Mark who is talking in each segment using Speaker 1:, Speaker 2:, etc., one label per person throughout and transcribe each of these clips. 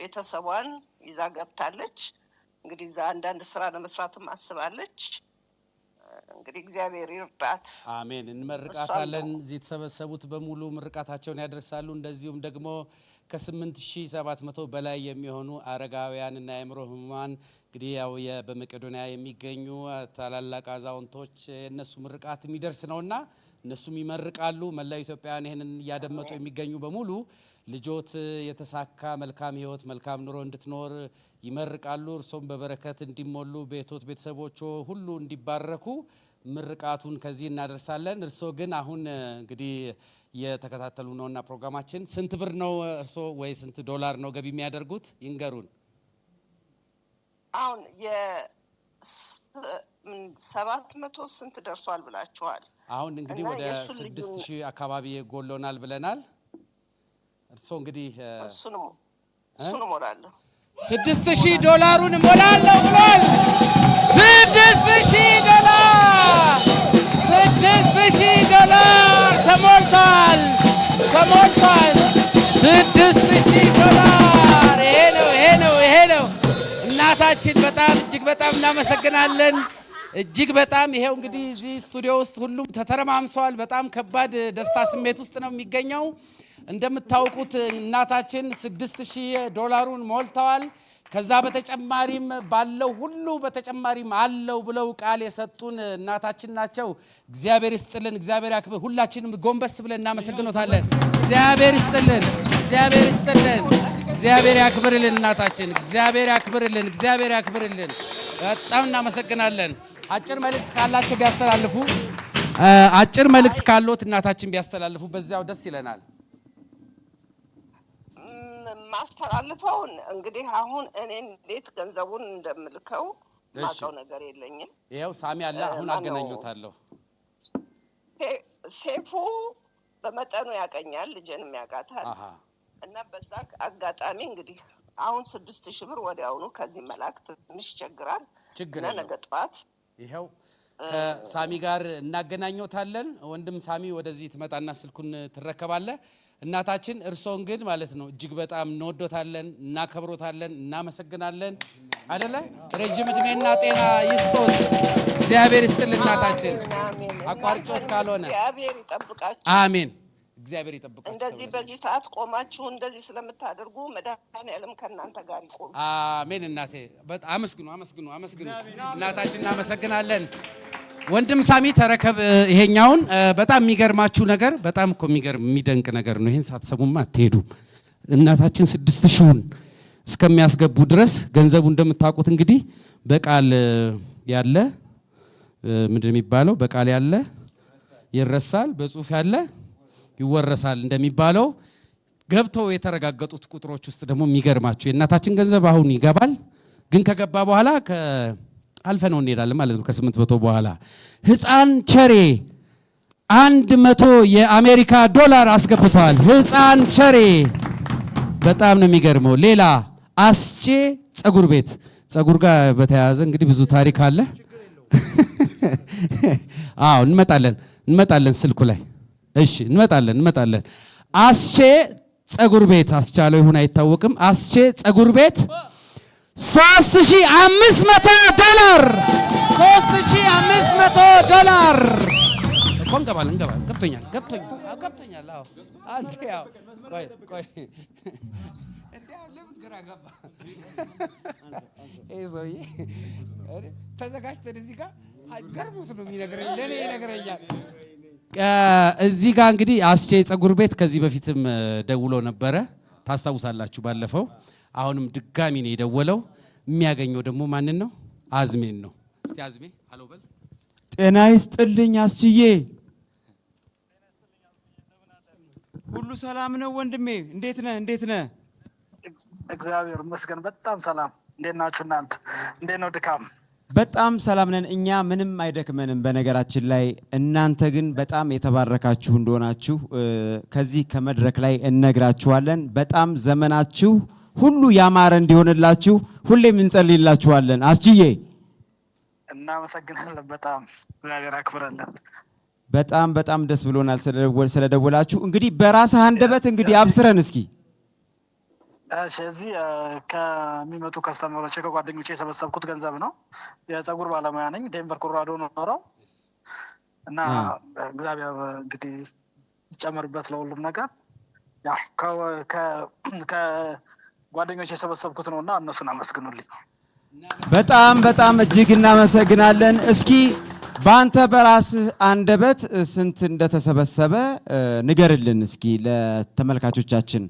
Speaker 1: ቤተሰቧን ይዛ ገብታለች። እንግዲህ እዛ አንዳንድ ስራ ለመስራትም አስባለች። እንግዲህ እግዚአብሔር ይርዳት።
Speaker 2: አሜን። እንመርቃታለን። እዚህ የተሰበሰቡት በሙሉ ምርቃታቸውን ያደርሳሉ። እንደዚሁም ደግሞ ከ8700 በላይ የሚሆኑ አረጋውያንና የአእምሮ ህሙማን እንግዲህ ያው በመቄዶንያ የሚገኙ ታላላቅ አዛውንቶች የእነሱ ምርቃት የሚደርስ ነውና እነሱም ይመርቃሉ። መላው ኢትዮጵያውያን ይህንን እያደመጡ የሚገኙ በሙሉ ልጆት የተሳካ መልካም ህይወት፣ መልካም ኑሮ እንድትኖር ይመርቃሉ። እርሶም በበረከት እንዲሞሉ ቤቶት፣ ቤተሰቦች ሁሉ እንዲባረኩ ምርቃቱን ከዚህ እናደርሳለን። እርሶ ግን አሁን እንግዲህ የተከታተሉ ነውና ፕሮግራማችን ስንት ብር ነው እርሶ ወይ ስንት ዶላር ነው ገቢ የሚያደርጉት ይንገሩን።
Speaker 1: አሁን የሰባት መቶ ስንት ደርሷል ብላችኋል?
Speaker 2: አሁን እንግዲህ ወደ ስድስት ሺህ አካባቢ ጎሎናል ብለናል። እርስዎ እንግዲህ ስድስት ሺህ ዶላሩን እሞላለሁ ብሏል። ስድስት ሺህ ዶላር ስድስት ሺህ ዶላር ተሞልቷል ተሞልቷል። ስድስት ሺህ ዶላር ይሄ ነው ይሄ ነው ይሄ ነው። እናታችን በጣም እጅግ በጣም እናመሰግናለን። እጅግ በጣም ይሄው እንግዲህ እዚህ ስቱዲዮ ውስጥ ሁሉም ተተረማምሰዋል። በጣም ከባድ ደስታ ስሜት ውስጥ ነው የሚገኘው። እንደምታውቁት እናታችን ስድስት ሺህ ዶላሩን ሞልተዋል። ከዛ በተጨማሪም ባለው ሁሉ በተጨማሪም አለው ብለው ቃል የሰጡን እናታችን ናቸው። እግዚአብሔር ይስጥልን፣ እግዚአብሔር ያክብር። ሁላችንም ጎንበስ ብለን እናመሰግኖታለን። እግዚአብሔር ይስጥልን፣ እግዚአብሔር ይስጥልን፣ እግዚአብሔር ያክብርልን። እናታችን እግዚአብሔር ያክብርልን፣ እግዚአብሔር ያክብርልን። በጣም እናመሰግናለን። አጭር መልእክት ካላቸው ቢያስተላልፉ፣ አጭር መልእክት ካሉት እናታችን ቢያስተላልፉ በዚያው ደስ ይለናል።
Speaker 1: ማስተላልፈውን እንግዲህ አሁን እኔ እንዴት ገንዘቡን እንደምልከው ማቀው ነገር የለኝም።
Speaker 2: ይኸው ሳሚ አለ አሁን አገናኙታለሁ።
Speaker 1: ሴፉ በመጠኑ ያቀኛል፣ ልጅንም ያውቃታል እና በዛ አጋጣሚ እንግዲህ አሁን ስድስት ሺህ ብር ወዲያውኑ ከዚህ መላክ ትንሽ ይቸግራል እና ነገ ጠዋት
Speaker 2: ይኸው ከሳሚ ጋር እናገናኘታለን። ወንድም ሳሚ ወደዚህ ትመጣና ስልኩን ትረከባለህ። እናታችን እርሶን ግን ማለት ነው እጅግ በጣም እንወዶታለን፣ እናከብሮታለን፣ እናመሰግናለን። አደለ ረዥም እድሜና ጤና ይስጦት እግዚአብሔር ይስጥል። እናታችን አቋርጮት ካልሆነ አሜን። እግዚአብሔር ይጠብቃችሁ።
Speaker 1: እንደዚህ በዚህ ሰዓት ቆማችሁ እንደዚህ ስለምታደርጉ መድኃኔዓለም ከእናንተ ጋር ይቆም።
Speaker 2: አሜን። እናቴ አመስግኑ፣ አመስግኑ፣ አመስግኑ። እናታችን እናመሰግናለን። ወንድም ሳሚ ተረከብ ይሄኛውን። በጣም የሚገርማችሁ ነገር በጣም እኮ የሚገርም የሚደንቅ ነገር ነው። ይህን ሳትሰሙማ አትሄዱም። እናታችን ስድስት ሺውን እስከሚያስገቡ ድረስ ገንዘቡ እንደምታውቁት እንግዲህ በቃል ያለ ምንድን የሚባለው በቃል ያለ ይረሳል፣ በጽሁፍ ያለ ይወረሳል እንደሚባለው ገብተው የተረጋገጡት ቁጥሮች ውስጥ ደግሞ የሚገርማቸው የእናታችን ገንዘብ አሁን ይገባል፣ ግን ከገባ በኋላ አልፈነው እንሄዳለን ማለት ነው። ከስምንት መቶ በኋላ ህፃን ቸሬ አንድ መቶ የአሜሪካ ዶላር አስገብተዋል። ህፃን ቸሬ በጣም ነው የሚገርመው። ሌላ አስቼ ፀጉር ቤት ፀጉር ጋር በተያያዘ እንግዲህ ብዙ ታሪክ አለ። አዎ እንመጣለን እንመጣለን ስልኩ ላይ እሺ እንመጣለን እንመጣለን። አስቼ ጸጉር ቤት አስቻለው ይሁን አይታወቅም። አስቼ ጸጉር ቤት 3500 ዶላር 3500 ዶላር እኮ እንገባለን እንገባለን። ገብቶኛል ገብቶኛል ገብቶኛል። አዎ አንቺ ያው ቆይ ቆይ ተዘጋጅተን እዚህ ጋር ገርሞት ነው የሚነግረኝ ለእኔ ይነግረኛል እዚህ ጋር እንግዲህ አስቼ ፀጉር ቤት ከዚህ በፊትም ደውሎ ነበረ፣ ታስታውሳላችሁ ባለፈው። አሁንም ድጋሚ ነው የደወለው። የሚያገኘው ደግሞ ማንን ነው? አዝሜን ነው።
Speaker 3: እስቲ አዝሜ አሎ በል።
Speaker 2: ጤና ይስጥልኝ አስችዬ፣ ሁሉ ሰላም ነው ወንድሜ? እንዴት ነህ? እንዴት ነህ?
Speaker 3: እግዚአብሔር ይመስገን በጣም ሰላም። እንዴት ናችሁ እናንተ? እንዴት ነው ድካም
Speaker 2: በጣም ሰላም ነን። እኛ ምንም አይደክመንም። በነገራችን ላይ እናንተ ግን በጣም የተባረካችሁ እንደሆናችሁ ከዚህ ከመድረክ ላይ እነግራችኋለን። በጣም ዘመናችሁ ሁሉ ያማረ እንዲሆንላችሁ ሁሌም እንጸልይላችኋለን። አስችዬ
Speaker 3: እናመሰግናለን። በጣም እግዚአብሔር አክብረለን።
Speaker 2: በጣም በጣም ደስ ብሎናል ስለደወላችሁ። እንግዲህ በራስህ አንደበት እንግዲህ አብስረን እስኪ
Speaker 3: እዚህ ከሚመጡ ከስተመሮች ከጓደኞች የሰበሰብኩት ገንዘብ ነው። የፀጉር ባለሙያ ነኝ። ዴንቨር ኮሎራዶ ኖረው እና እግዚአብሔር እንግዲህ ይጨመርበት ለሁሉም ነገር ከጓደኞች የሰበሰብኩት ነው እና እነሱን አመስግኑልኝ።
Speaker 2: በጣም በጣም እጅግ እናመሰግናለን። እስኪ በአንተ በራስህ አንደበት ስንት እንደተሰበሰበ ንገርልን እስኪ ለተመልካቾቻችን።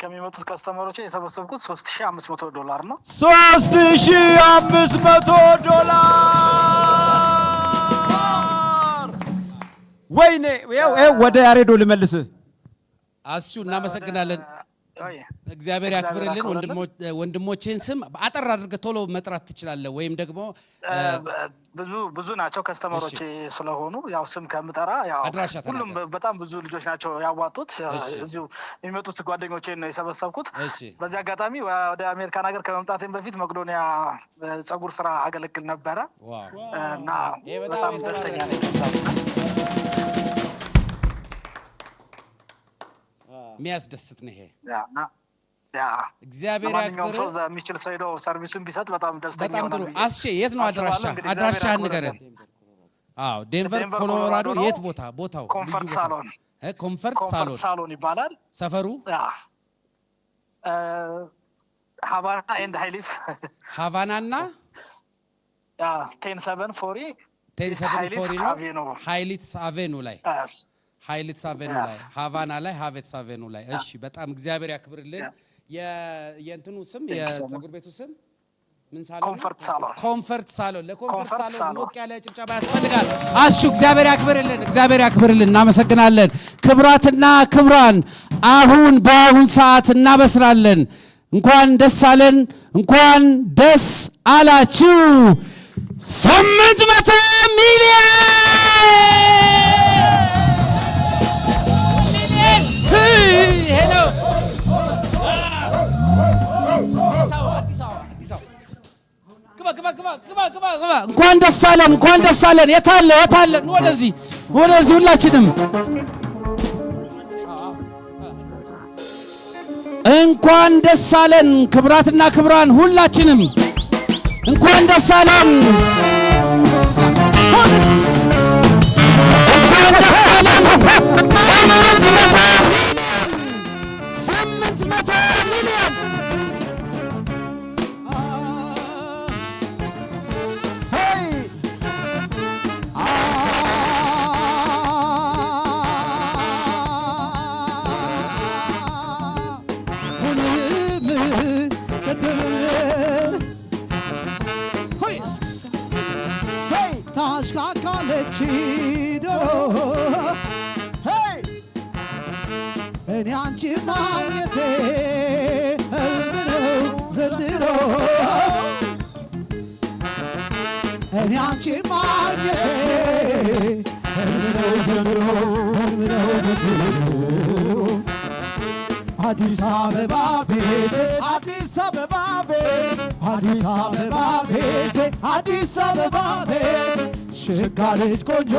Speaker 3: ከሚመጡት ከስተመሮች የሰበሰብኩት ሶስት ሺ አምስት መቶ ዶላር ነው።
Speaker 2: ሶስት ሺ አምስት መቶ ዶላር ወይኔ! ወደ ያሬዶ ልመልስ። አሱ እናመሰግናለን። እግዚአብሔር ያክብርልን። ወንድሞቼን ስም አጠር አድርገህ ቶሎ መጥራት ትችላለህ፣ ወይም ደግሞ
Speaker 3: ብዙ ብዙ ናቸው ከስተመሮች ስለሆኑ ያው ስም ከምጠራ ሁሉም በጣም ብዙ ልጆች ናቸው ያዋጡት። እዚሁ የሚመጡት ጓደኞቼን ነው የሰበሰብኩት። በዚህ አጋጣሚ ወደ አሜሪካን ሀገር ከመምጣቴን በፊት መቅዶኒያ ፀጉር ስራ አገለግል ነበረ እና በጣም ደስተኛ ነው
Speaker 2: የሚያስደስት ነው ይሄ። እግዚአብሔር ያክብር።
Speaker 3: የሚችል ሰው ሄዶ ሰርቪሱን ቢሰጥ በጣም ደስተኛ
Speaker 2: ይሆናል። አስቼ የት ነው አድራሻ አድራሻህን ንገረን። አዎ ዴንቨር ኮሎራዶ የት ቦታ? ቦታው
Speaker 3: ኮንፈርት ሳሎን
Speaker 2: ኮንፈርት
Speaker 3: ሳሎን ይባላል ሰፈሩ። ሀቫና ኤንድ ሃይሊፍ ሀቫና እና ቴን ሰቨን ፎሪ
Speaker 2: ቴን ሰቨን ፎሪ ነው ሀይሊት አቬኑ ላይ ሀይልት ሳቬኑ ላይ ሀቫና ላይ ሀቬት ሳቬኑ ላይ። እሺ፣ በጣም እግዚአብሔር ያክብርልን። የእንትኑ ስም የጸጉር ቤቱ ስም
Speaker 3: ምን ሳሎን? ኮንፈርት
Speaker 2: ሳሎን። ለኮንፈርት ሳሎን ሞቅ ያለ ጭብጨባ ያስፈልጋል። አሹ እግዚአብሔር ያክብርልን፣ እግዚአብሔር ያክብርልን። እናመሰግናለን። ክብራትና ክብራን አሁን በአሁን ሰዓት እናበስራለን። እንኳን ደስ አለን፣ እንኳን ደስ አላችሁ። ስምንት መቶ ሚሊዮን እንኳን ደስ አለን፣ እንኳን ደስ አለን። የታለ የታለ? ወደዚህ ወደዚህ፣ ሁላችንም እንኳን ደስ አለን። ክብራትና ክብራን ሁላችንም እንኳን ደስ አለን። ኪዳን እኔ አንቺ ማግኘቴ ህልም ነው ዘንድሮ እኔ አንቺ ማግኘቴ ህልም ነው ዘንድሮ ህልም ነው ዘንድሮ አዲስ አበባ ቤቴ አዲስ አበባ ቤቴ አዲስ አበባ ቤቴ አዲስ አበባ ቤቴ ሽጋ ልጅ ቆንጆ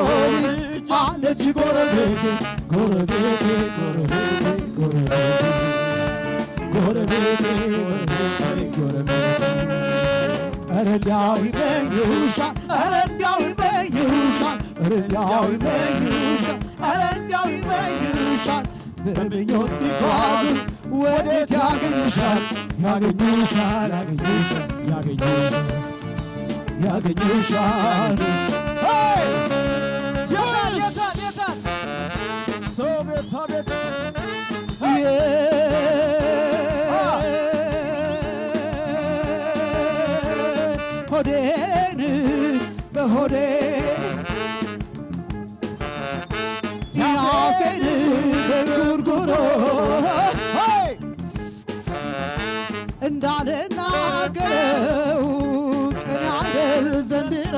Speaker 2: ልጅ አለች ጎረቤቴ ጎረቤቴ ጎረቤቴ ጎረቤቴ ጎረቤቴ ያገኙሻል ያገኙሻል ያገኙሻል ያገኙሻል ሆዴን በሆዴ ያፌን እንዳልናገረው ቅን አይደል ዘንድሮ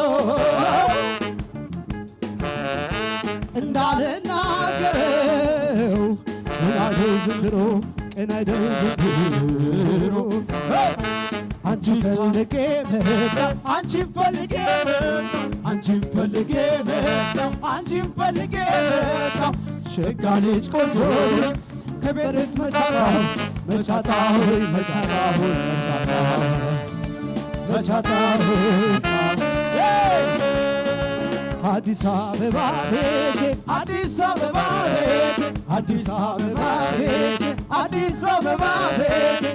Speaker 2: እንዳልናገረው ምን አይደው ዘንድሮ ምን አይደው ዘንድሮ አንቺ ፈልጌ መጣ አንቺ ፈልጌ መጣ አንቺ ፈልጌ መጣ አንቺ ፈልጌ ሸጋ ልጅ ቆንጆ ልጅ ከቤትስ መቻታ መቻታ ሆይ መቻታ አዲስ አበባ ቤቴ አዲስ አበባ ቤቴ አዲስ አበባ ቤቴ አዲስ አበባ ቤቴ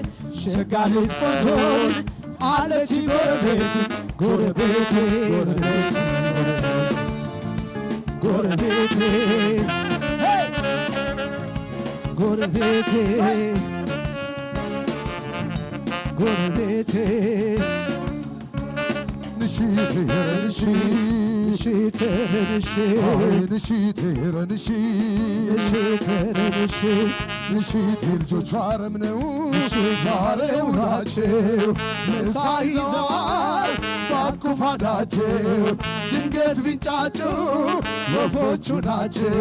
Speaker 2: ሸጋ ልጅ ቆንጆ ልጅ አለች ጎረቤት ጎረቤቴ ጎረቤቴ ጎረቤቴ ጎረቤቴ ጎረቤቴ ምሽት የልጆቹ አረም ነው ያለው ናቸው ምሳ ይዘዋል ባብኩፋዳቸው ድንገት ቢንጫጩ ወፎቹ ናቸው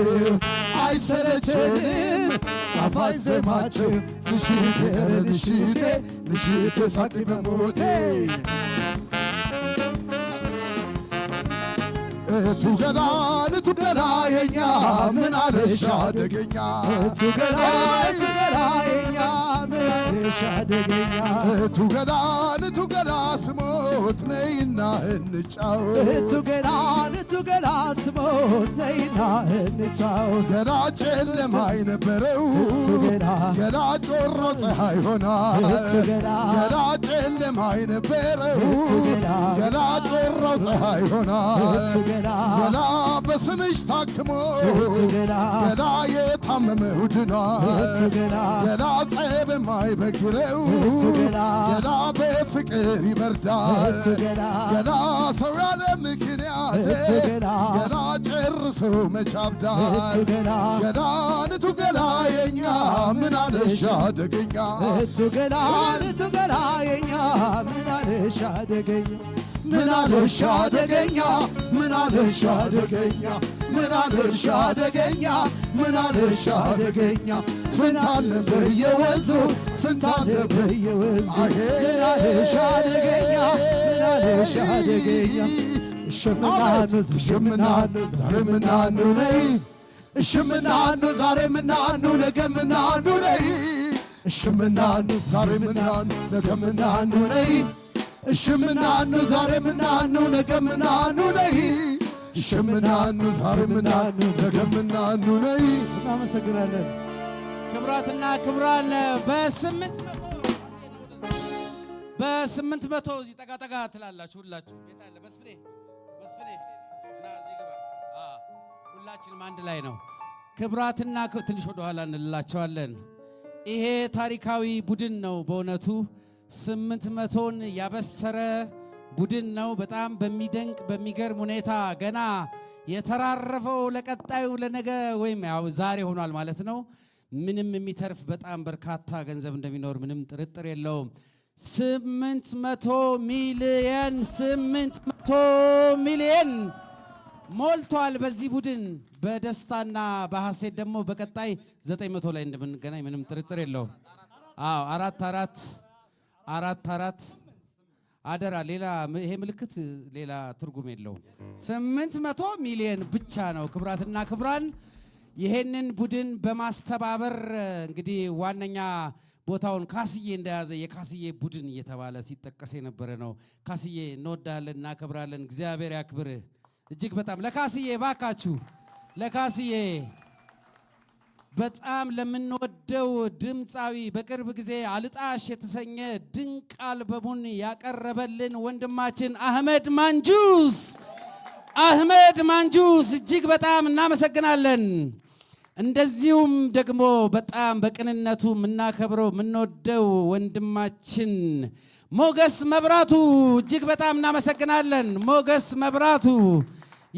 Speaker 2: አይሰለቸንም ጣፋጭ ዜማቸው ምሽቴ ምሽቴ ምሽቴ ሳቂ በሞቴ እቱ ገላ እቱ ገላ የኛ ምን አለሽ አደገኛ እቱ ገላ እቱ ገላ የኛ ምን አለሽ አደገኛ እቱ ገላ እቱ ገላ ስሞ ስሞት ነይና እንጫወት እቱ ገና እቱ ገና ስሞት ነይና እንጫወት ገና ጨለማይ ነበረው ገና ጮሮ ፀሐይ ሆና ገና ጨለማይ ነበረው ገና ጮሮ ፀሐይ ሆና ገና በስምሽ ታክሞ ገና የት ታመመው ድኗል፣ ገና ጸብ የማይበግረው ገና በፍቅር ይበርዳል፣ ገና ሰው ያለ ምክንያት ገና ጨርሶ መቻብዳል፣ ገና ንቱ ገላ የኛ ምን አለሽ አደገኛ፣ ገላ ንቱ ገላ የኛ ምን አለሽ አደገኛ ምን አደርሽ አደገኛ ምን አደርሽ አደገኛ ምን አደርሽ አደገኛ ምን አደርሽ አደገኛ ስንታለ በየወንዙ ስንታለ በየወንዙ ምን አደርሽ አደገኛ ምን አደርሽ አደገኛ እሽምናኑ እሽምናኑ ዛሬ ምናኑ ነይ እሽምናኑ ዛሬ ምናኑ ነገ ምናኑ ነይ እሽምናኑ ዛሬ ምናኑ ነገ ምናኑ ነይ እሽምናኑ ዛሬ ምናኑ ነገ ምናኑ ነይ እሽምናኑ ዛሬ ምናኑ ነገ ምናኑ ነይ። እናመሰግናለን። ክብራትና ክብራን በስምንት መቶ በስምንት መቶ እዚህ ጠጋ ትላላችሁ ሁላችሁ መስፍኔ መስፍኔ ሁላችንም አንድ ላይ ነው። ክብራትና ትንሽ ወደኋላ እንላቸዋለን። ይሄ ታሪካዊ ቡድን ነው በእውነቱ ስምንት መቶን ያበሰረ ቡድን ነው። በጣም በሚደንቅ በሚገርም ሁኔታ ገና የተራረፈው ለቀጣዩ ለነገ ወይም ያው ዛሬ ሆኗል ማለት ነው። ምንም የሚተርፍ በጣም በርካታ ገንዘብ እንደሚኖር ምንም ጥርጥር የለውም። ስምንት መቶ ሚሊየን ስምንት መቶ ሚሊየን ሞልቷል በዚህ ቡድን በደስታና በሐሴት ደግሞ በቀጣይ ዘጠኝ መቶ ላይ እንደምንገናኝ ምንም ጥርጥር የለውም። አዎ አራት አራት አራት አራት አደራ። ሌላ ይሄ ምልክት ሌላ ትርጉም የለውም። ስምንት መቶ ሚሊዮን ብቻ ነው። ክብራትና ክብራን ይሄንን ቡድን በማስተባበር እንግዲህ ዋነኛ ቦታውን ካስዬ እንደያዘ የካስዬ ቡድን እየተባለ ሲጠቀስ የነበረ ነው። ካስዬ እንወዳለን፣ እናከብራለን። እግዚአብሔር ያክብርህ እጅግ በጣም ለካስዬ ባካችሁ ለካስዬ በጣም ለምንወደው ድምፃዊ በቅርብ ጊዜ አልጣሽ የተሰኘ ድንቅ አልበሙን ያቀረበልን ወንድማችን አህመድ ማንጁስ አህመድ ማንጁስ እጅግ በጣም እናመሰግናለን። እንደዚሁም ደግሞ በጣም በቅንነቱ የምናከብረው የምንወደው ወንድማችን ሞገስ መብራቱ እጅግ በጣም እናመሰግናለን። ሞገስ መብራቱ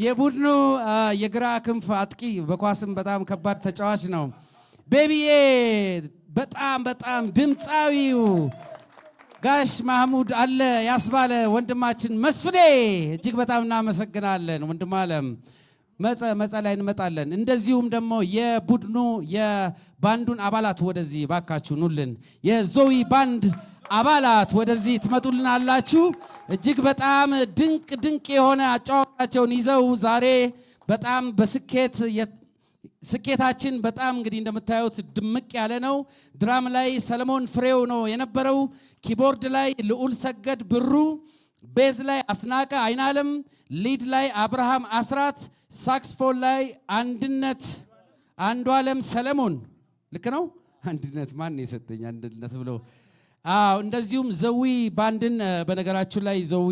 Speaker 2: የቡድኑ የግራ ክንፍ አጥቂ በኳስም በጣም ከባድ ተጫዋች ነው። ቤቢዬ በጣም በጣም ድምፃዊው ጋሽ ማህሙድ አለ ያስባለ ወንድማችን መስፍኔ እጅግ በጣም እናመሰግናለን ወንድም አለም። መጸ ላይ እንመጣለን። እንደዚሁም ደግሞ የቡድኑ የባንዱን አባላት ወደዚህ ባካችሁ ኑልን። የዞዊ ባንድ አባላት ወደዚህ ትመጡልን አላችሁ። እጅግ በጣም ድንቅ ድንቅ የሆነ አጫዋወታቸውን ይዘው ዛሬ በጣም በስኬት ስኬታችን በጣም እንግዲህ እንደምታዩት ድምቅ ያለ ነው። ድራም ላይ ሰለሞን ፍሬው ነው የነበረው። ኪቦርድ ላይ ልዑል ሰገድ ብሩ፣ ቤዝ ላይ አስናቀ አይናለም፣ ሊድ ላይ አብርሃም አስራት ሳክስፎን ላይ አንድነት አንዱ ዓለም ሰለሞን ልክ ነው። አንድነት ማን የሰጠኝ አንድነት ብሎ አዎ። እንደዚሁም ዘዊ በአንድን በነገራችሁ ላይ ዘዊ